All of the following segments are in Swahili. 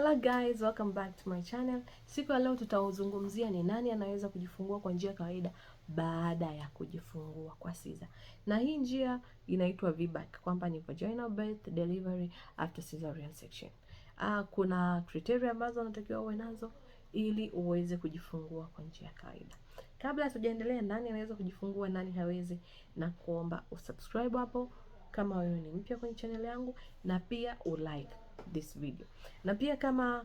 Hello guys, welcome back to my channel. Siku ya leo tutauzungumzia ni nani anaweza kujifungua kwa njia ya kawaida baada ya kujifungua kwa siza, na hii njia inaitwa VBAC kwamba ni vaginal birth delivery after cesarean section. Ah, kuna criteria ambazo unatakiwa uwe nazo ili uweze kujifungua kwa njia ya kawaida. Kabla hatujaendelea, nani anaweza kujifungua, nani hawezi, na kuomba usubscribe hapo kama wewe ni mpya kwenye channel yangu, na pia ulike this video. Na pia kama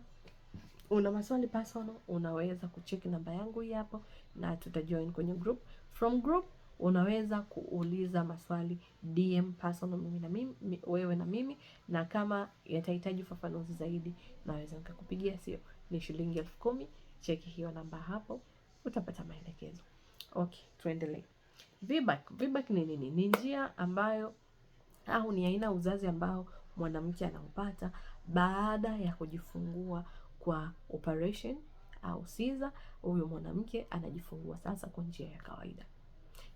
una maswali personal, unaweza kucheki namba yangu hii hapo na tutajoin kwenye group. From group unaweza kuuliza maswali DM personal, mimi na mimi, wewe na mimi, na kama yatahitaji ufafanuzi zaidi naweza nikakupigia. Sio ni shilingi elfu kumi. Cheki hiyo namba hapo utapata maelekezo. Okay, tuendelee. VBAC. VBAC ni nini? Ni njia ambayo au ni aina uzazi ambao mwanamke anaopata baada ya kujifungua kwa operation au siza, huyo mwanamke anajifungua sasa kwa njia ya kawaida.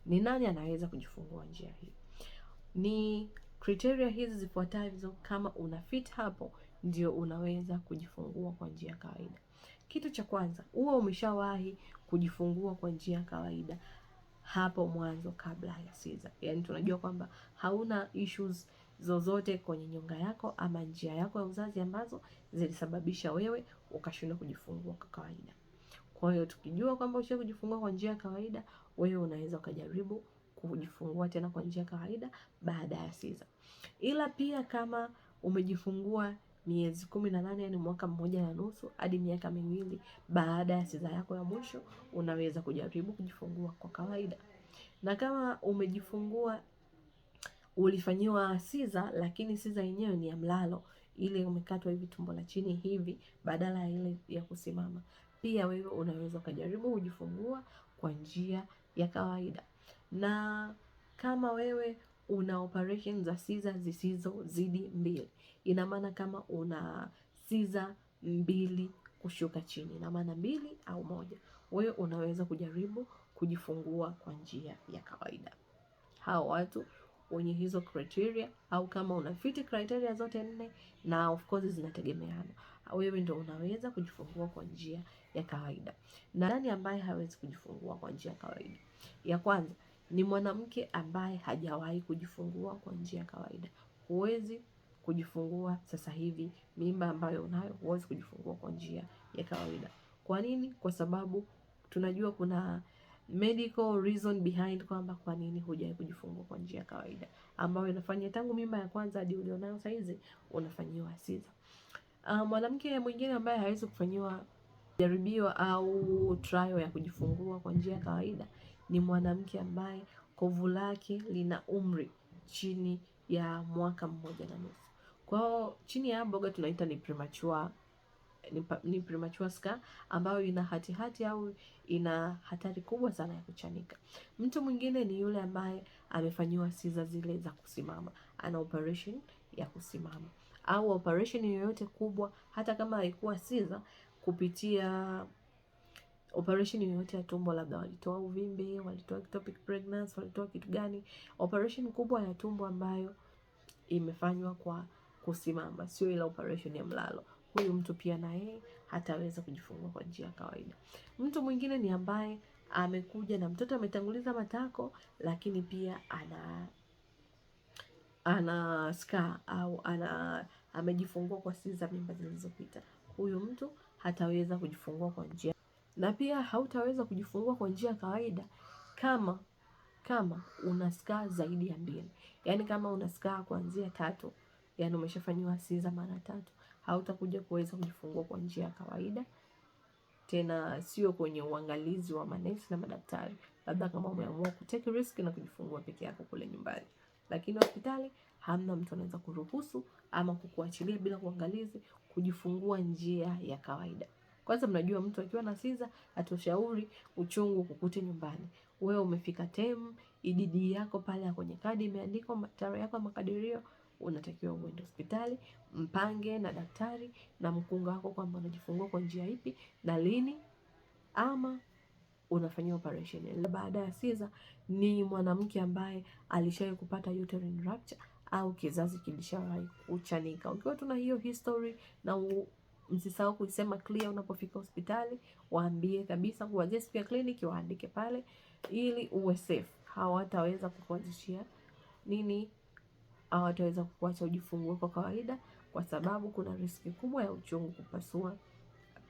Ni nani anaweza kujifungua njia hii? Ni kriteria hizi zifuatazo. Kama una fit hapo, ndio unaweza kujifungua kwa njia ya kawaida. Kitu cha kwanza, huwa umeshawahi kujifungua kwa njia ya kawaida hapo mwanzo kabla ya siza, yaani tunajua kwamba hauna issues zozote kwenye nyonga yako ama njia yako ya uzazi ambazo zilisababisha wewe ukashindwa kujifungua kwa kawaida. Kwa hiyo tukijua kwamba ushawahi kujifungua kwa njia ya kawaida, wewe unaweza ukajaribu kujifungua tena kwa njia ya kawaida baada ya siza. Ila pia kama umejifungua miezi kumi na nane yani mwaka mmoja na nusu hadi miaka miwili baada ya siza yako ya mwisho, unaweza kujaribu kujifungua kwa kawaida. Na kama umejifungua ulifanyiwa siza, lakini siza yenyewe ni ya mlalo, ile umekatwa hivi tumbo la chini hivi, badala ya ile ya kusimama. Pia wewe unaweza ukajaribu kujifungua kwa njia ya kawaida, na kama wewe una operation za siza zisizozidi mbili, ina maana kama una siza mbili kushuka chini, ina maana mbili au moja, wewe unaweza kujaribu kujifungua kwa njia ya kawaida. Hao watu wenye hizo criteria, au kama unafiti criteria zote nne, na of course zinategemeana, wewe ndio unaweza kujifungua kwa njia ya kawaida. Na nani ambaye hawezi kujifungua kwa njia ya kawaida? Ya kwanza ni mwanamke ambaye hajawahi kujifungua kwa njia ya kawaida. Huwezi kujifungua sasa hivi, mimba ambayo unayo huwezi kujifungua kwa njia ya kawaida. Kwa nini? Kwa sababu tunajua kuna medical reason behind kwamba kwa nini hujawahi kujifungua kwa njia ya kawaida ambayo inafanya tangu mimba ya kwanza hadi ulionayo hizi unafanyiwa siza. Ah, mwanamke mwingine ambaye hawezi kufanyiwa jaribio au trial ya kujifungua kwa njia ya kawaida ni mwanamke ambaye kovu lake lina umri chini ya mwaka mmoja na nusu. Kwao chini ya mboga tunaita ni premature ni premature scar ambayo ina hati hati au ina hatari kubwa sana ya kuchanika. Mtu mwingine ni yule ambaye amefanyiwa siza zile za kusimama, ana operation ya kusimama au operation yoyote kubwa, hata kama haikuwa siza, kupitia operation yoyote ya tumbo, labda walitoa uvimbe, walitoa ectopic pregnancy, walitoa kitu gani, operation kubwa ya tumbo ambayo imefanywa kwa kusimama, sio ile operation ya mlalo huyu mtu pia na yeye hataweza kujifungua kwa njia ya kawaida. Mtu mwingine ni ambaye amekuja na mtoto ametanguliza matako, lakini pia ana ana scar au ana amejifungua kwa siku za mimba zilizopita. Huyu mtu hataweza kujifungua kwa njia na pia hautaweza kujifungua kwa njia ya kawaida kama kama una scar zaidi ya mbili, yaani kama una scar kuanzia tatu, yaani umeshafanyiwa siza mara tatu hautakuja kuweza kujifungua kwa njia ya kawaida tena, sio kwenye uangalizi wa manesi na madaktari, labda kama umeamua ku take risk na kujifungua peke yako kule nyumbani, lakini hospitali hamna mtu anaweza kuruhusu ama kukuachilia bila uangalizi kujifungua njia ya kawaida. Kwanza mnajua mtu akiwa na siza atoshauri uchungu kukute nyumbani. Wewe umefika temu, ididi yako pale kwenye kadi imeandikwa tarehe yako ya makadirio unatakiwa uende hospitali, mpange na daktari na mkunga wako kwamba unajifungua kwa njia ipi na lini, ama unafanyia operation. Baada ya siza ni mwanamke ambaye alishawahi kupata uterine rupture au kizazi kilishawahi kuchanika. Ukiwa tuna hiyo history na msisahau kusema clear unapofika hospitali, waambie kabisa kuanzia siku ya kliniki, waandike pale ili uwe safe. Hawataweza kukuanzishia nini hawataweza kukuacha ujifungue kwa kawaida, kwa sababu kuna riski kubwa ya uchungu kupasua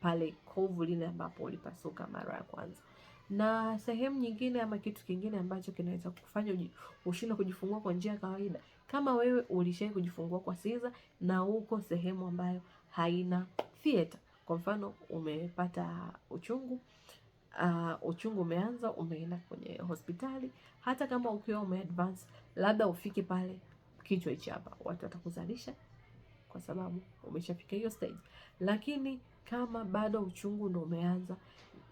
pale kovu lile ambapo ulipasuka mara ya kwanza. Na sehemu nyingine ama kitu kingine ambacho kinaweza kufanya ushindwe kujifungua kwa njia ya kawaida, kama wewe ulishawahi kujifungua kwa siza na uko sehemu ambayo haina theater. Kwa mfano umepata uchungu uh, uchungu umeanza, umeenda kwenye hospitali, hata kama ukiwa umeadvance, labda ufike pale kichwa hichi hapa, watu watakuzalisha kwa sababu umeshafika hiyo stage. Lakini kama bado uchungu ndo umeanza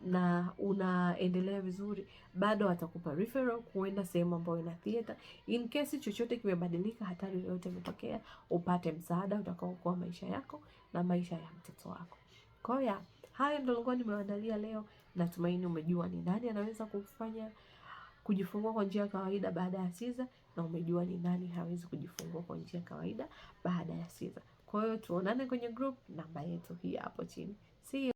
na unaendelea vizuri, bado atakupa referral kuenda sehemu ambayo ina theater. In case chochote kimebadilika, hatari yoyote imetokea, upate msaada utakaokoa maisha yako na maisha ya mtoto wako. Kwa hiyo haya ndio nilikuwa leo. Natumaini umejua ni nani anaweza kufanya kujifungua kwa njia ya kawaida baada ya siza, na umejua ni nani hawezi kujifungua kwa njia ya kawaida baada ya siza. Kwa hiyo tuonane kwenye group, namba yetu hii hapo chini. See you.